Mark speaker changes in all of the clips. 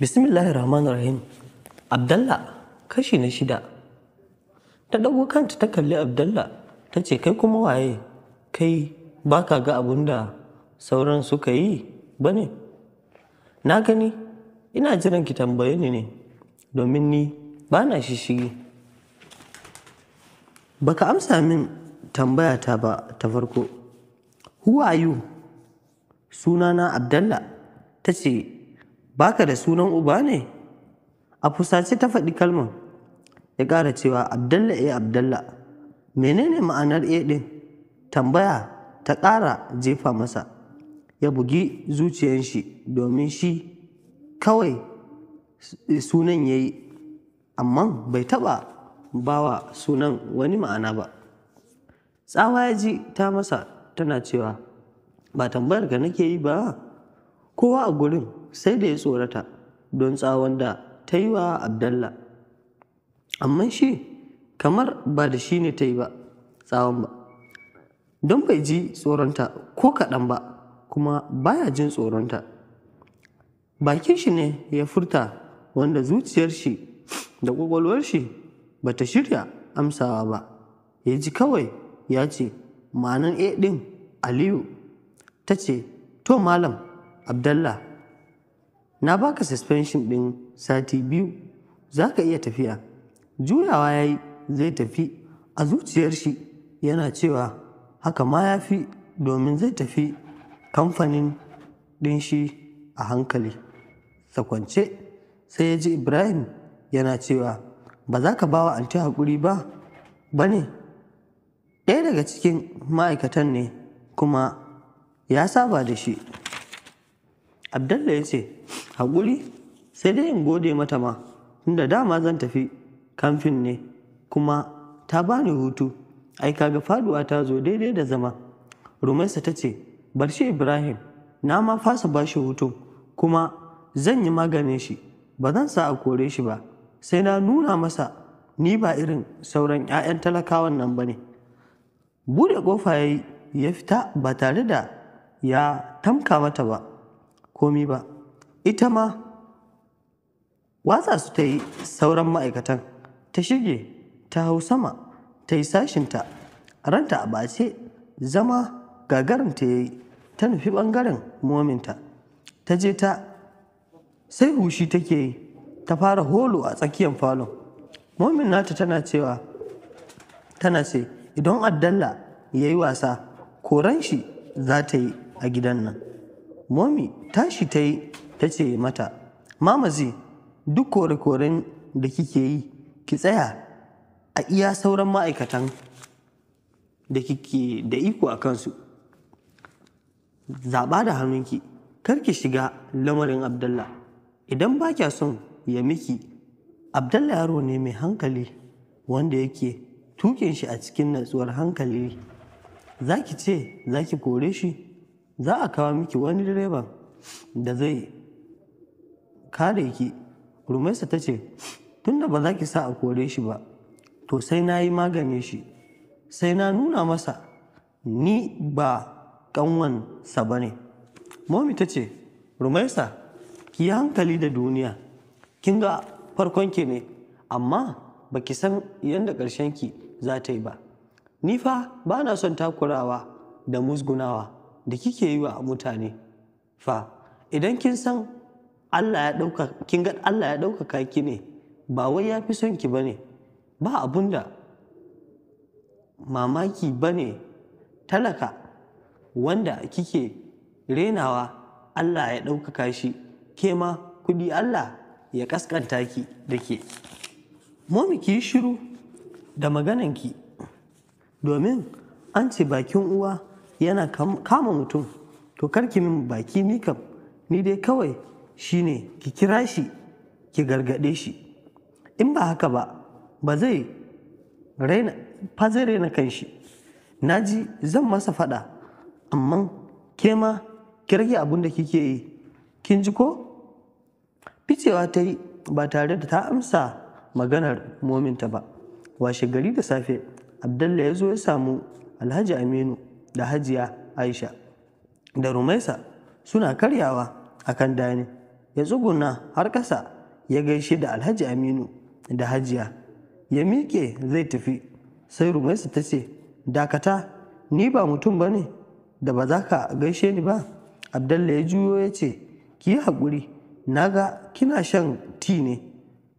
Speaker 1: bismillahir rahmanir rahim abdallah kashi na shida ta ɗago kanta ta kalli abdallah ta ce kai kuma waye kai baka ga abun da sauran suka yi ba ne na gani ina jiran ki tambaye ni ne domin ni ba na shishigi baka amsa min tambaya ta ba ta farko who are sunana abdallah ta ce baka da sunan uba ne a fusace ta faɗi kalmar ya ƙara cewa abdalla e abdalla menene ma'anar e ɗin tambaya ta ƙara jefa masa ya bugi zuciyar shi domin shi kawai sunan ya yi amma bai taɓa bawa sunan wani ma'ana ba tsawa ya ji ta masa tana cewa ba tambayar ka nake yi ba kowa a gurin sai da ya tsorata don tsawon da ta yi wa abdalla amma shi kamar ba da shi ne ta yi ba tsawon ba don bai ji tsoronta ko kaɗan ba kuma baya jin tsoronta bakin shi ne ya furta wanda zuciyar shi da ƙwaƙwalwar shi ba ta shirya amsawa ba ya ji kawai ya ce ma'anan a ɗin aliyu ta ce to malam abdallah na baka suspension ɗin sati biyu za ka iya tafiya juyawa ya yi zai tafi a zuciyar shi yana cewa haka ma ya fi domin zai tafi kamfanin ɗin shi a hankali sakwance sai ya ji ibrahim yana cewa ba za ka bawa anti haƙuri ba ba ne ɗaya daga cikin ma'aikatan ne kuma ya saba da shi abdalla ya ce haƙuri sai dai in gode mata ma tunda dama zan tafi kamfin ne kuma ta bani hutu ai kaga faduwa ta zo daidai da zama rumaisa ta ce barshe ibrahim na ma fasa ba shi hutu kuma zan yi maganin shi ba zan sa a kore shi ba sai na nuna masa ni ba irin sauran 'ya'yan talakawan nan ba ne buɗe ƙofa ya yi ya fita ba tare da ya tamka mata ba komi ba ita ma watsa su ta yi sauran ma'aikatan ta shige ta hau sama ta yi sashinta ranta a bace zama gagaranta ya yi ta nufi ɓangaren mominta ta je ta sai hushi take yi ta fara holo a tsakiyar falon momin nata tana cewa tana ce idan addalla ya yi wasa koran shi za ta yi a gidan nan momi tashi ta yi ta ce mata mamazi duk kore-koren da kike yi ki tsaya a iya sauran ma'aikatan da kike da iko a kansu zaɓa da hannunki kar ki shiga lamarin abdallah idan ba kya son ya miki abdallah yaro ne mai hankali wanda yake tukin shi a cikin natsuwar hankali za ki ce za ki kore shi za a kawo miki wani direban da zai kare ki rumaisa ta ce tunda ba za ki sa a kore shi ba to sai na yi magane shi sai na nuna masa ni ba ƙanwansa ba ne momi ta ce rumaisa ki yi hankali da duniya kin ga farkon ki ne amma ba ki san yadda ƙarshen ki za ta yi ba ni fa ba na son takurawa da musgunawa da kike yi wa mutane fa idan kin san Allah ya ɗauka kin ga Allah ya ɗaukaka ki ne ba wai ya fi son ki ba ba abun da mamaki ba ne talaka wanda kike renawa Allah ya ɗaukaka shi ke ma kuɗi Allah ya ƙasƙanta ki da ke momi ki shiru da ki domin an ce bakin uwa yana kama mutum to karki min baki ni kam ni dai kawai shine ki kira shi ki gargaɗe shi in ba haka ba ba zai raina kan shi naji na ji zan masa faɗa amma ke ma ki rage abin da kike yi kin ji ko ficewa ta yi ba tare da ta amsa maganar mominta ba washe gari da safe abdalla ya zo ya samu alhaji aminu da hajiya aisha da rumaisa suna karyawa a kan dani ya tsuguna har ƙasa ya gaishe da alhaji aminu da hajiya ya miƙe zai tafi sai rumaisu ta ce dakata ni ba mutum ba ne da ba za ka gaishe ni ba abdalla ya juyo ya ce ki yi haƙuri na ga kina shan ti ne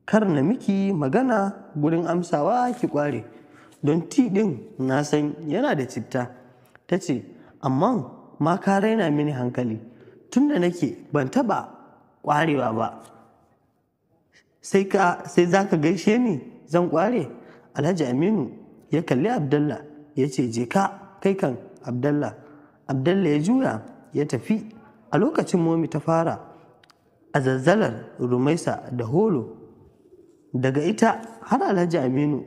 Speaker 1: kar na miki magana gurin amsawa ki kware don ti ɗin na san yana da citta ta ce amma ma ka raina mini hankali tun da nake ban taɓa kwarewa ba sai za ka gaishe ni zan kware alhaji aminu ya kalli abdallah ya ce je ka kai kan abdallah abdallah ya juya ya tafi a lokacin momi ta fara a zazzalar rumaisa da holo daga ita har alhaji aminu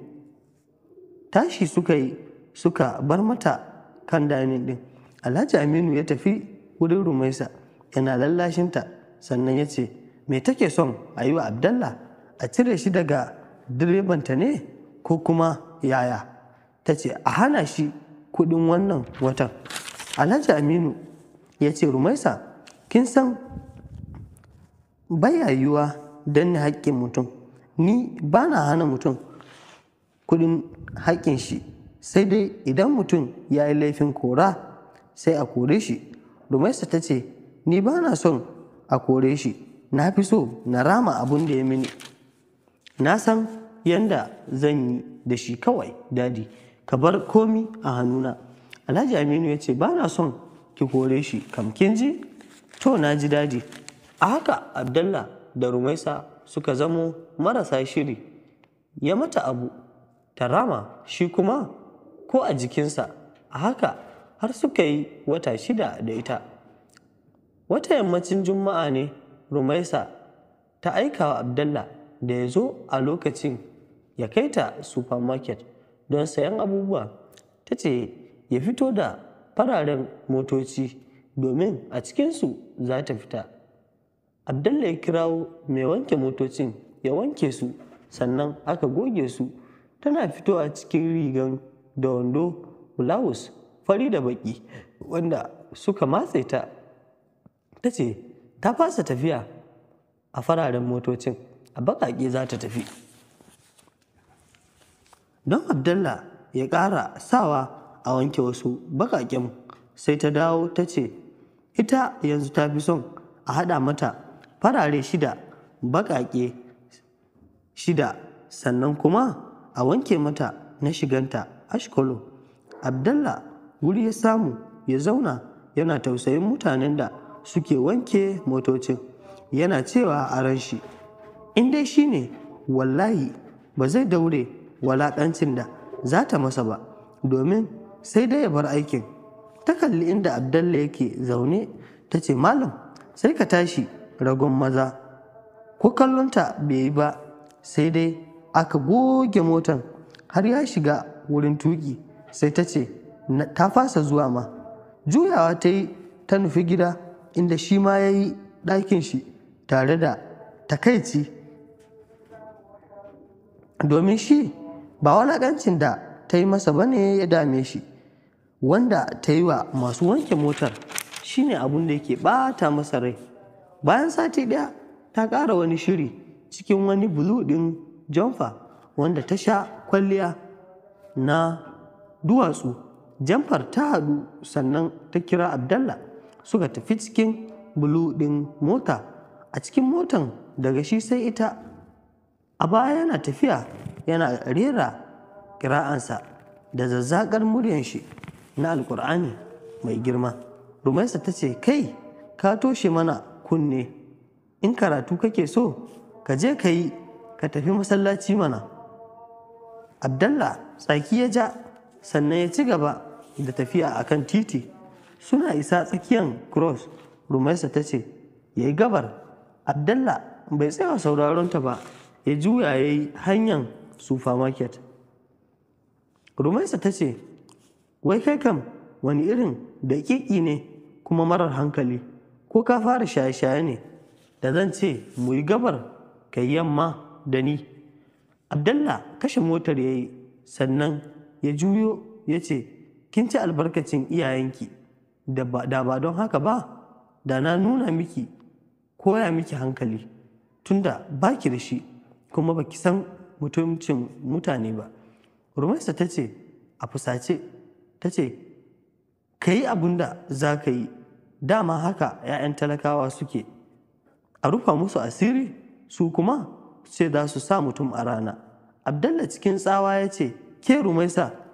Speaker 1: tashi suka yi suka bar mata kan dani din alhaji aminu ya tafi wurin rumaisa yana lallashinta sannan ya ce me take son a yi wa abdallah a cire shi daga direbanta ne ko kuma yaya ta ce a hana shi kudin wannan watan alhaji aminu ya ce rumaisa kin san baya yiwuwa don ni haƙƙin mutum ni ba na hana mutum kudin haƙƙin shi sai dai idan mutum ya yi laifin kora sai a kore shi rumaisa ta ce ni ba na son a kore shi na fi so na rama abun da ya mini na san yanda zan yi da shi kawai dadi ka bar komi a hannuna alhaji aminu ya ce ba na son ki kore shi kam kin ji to na ji dadi a haka abdallah da rumaisa suka zamo marasa shiri ya mata abu ta rama shi kuma ko a jikinsa a haka har suka yi wata shida da ita wata yammacin juma'a ne rumaisa ta aika wa abdallah da ya zo a lokacin ya kai ta supermarket don sayan abubuwa ta ce ya fito da fararen motoci domin a cikinsu za ta fita abdallah ya kirawo mai wanke motocin ya wanke su sannan aka goge su tana fito a cikin rigan da wando blouse fari da baki wanda suka matse ta ta ce ta fasa tafiya a fararen motocin a baƙaƙe za ta tafi don abdullah ya ƙara sawa a wanke wasu baƙaƙen sai ta dawo ta ce ita yanzu ta fi son a haɗa mata farare shida baƙaƙe shida sannan kuma a wanke mata na shiganta ashkolo abdullah wuri ya samu ya zauna yana tausayin mutanen da suke wanke motocin yana cewa a ran shi in dai shi ne wallahi ba zai daure walaƙancin da za ta masa ba domin sai dai ya bar aikin ta kalli inda abdalla yake zaune ta ce malam sai ka tashi ragon maza ko kallonta bai yi ba sai dai aka goge motan har ya shiga wurin tuki sai ta ce ta fasa zuwa ma juyawa ta yi ta nufi gida inda shi ma ya yi ɗakin shi tare da takaici domin shi ba walaƙancin da ta yi masa bane ya dame shi wanda ta yi wa masu wanke motar shine abun da yake ɓata masa rai bayan sati ɗaya ta ƙara wani shiri cikin wani bulu ɗin jamfa wanda ta sha kwalliya na duwatsu jamfar ta haɗu sannan ta kira abdallah suka tafi cikin bulu ɗin mota a cikin motan daga shi sai ita a baya yana tafiya yana rera kira'ansa da zazzaƙar muryan shi na alƙur'ani mai girma rumaisa ta ce kai ka toshe mana kunne in karatu kake so ka je ka yi ka tafi masallaci mana abdallah tsaki ya ja sannan ya ci gaba da tafiya akan titi suna isa tsakiyan cross rumaisa ta ce ya yi gabar abdalla bai tsaya sauraron ta ba ya juya ya yi hanyar supermarket rumaisa ta ce wai kai kam wani irin da ne kuma marar hankali ko ka fara shaye-shaye ne da zan ce mu yi gabar ka yamma da ni abdalla kashe motar ya yi sannan ya juyo ya ce kin ci albarkacin iyayenki da ba don haka ba da na nuna miki koya miki hankali tunda ba ki da shi kuma ba ki san mutuncin mutane ba rumaisa ta ce a fusace ta ce ka yi abin da za ka yi dama haka 'ya'yan talakawa suke a rufa musu asiri su kuma ce za su sa mutum a rana abdalla cikin tsawa ya ce ke rumaisa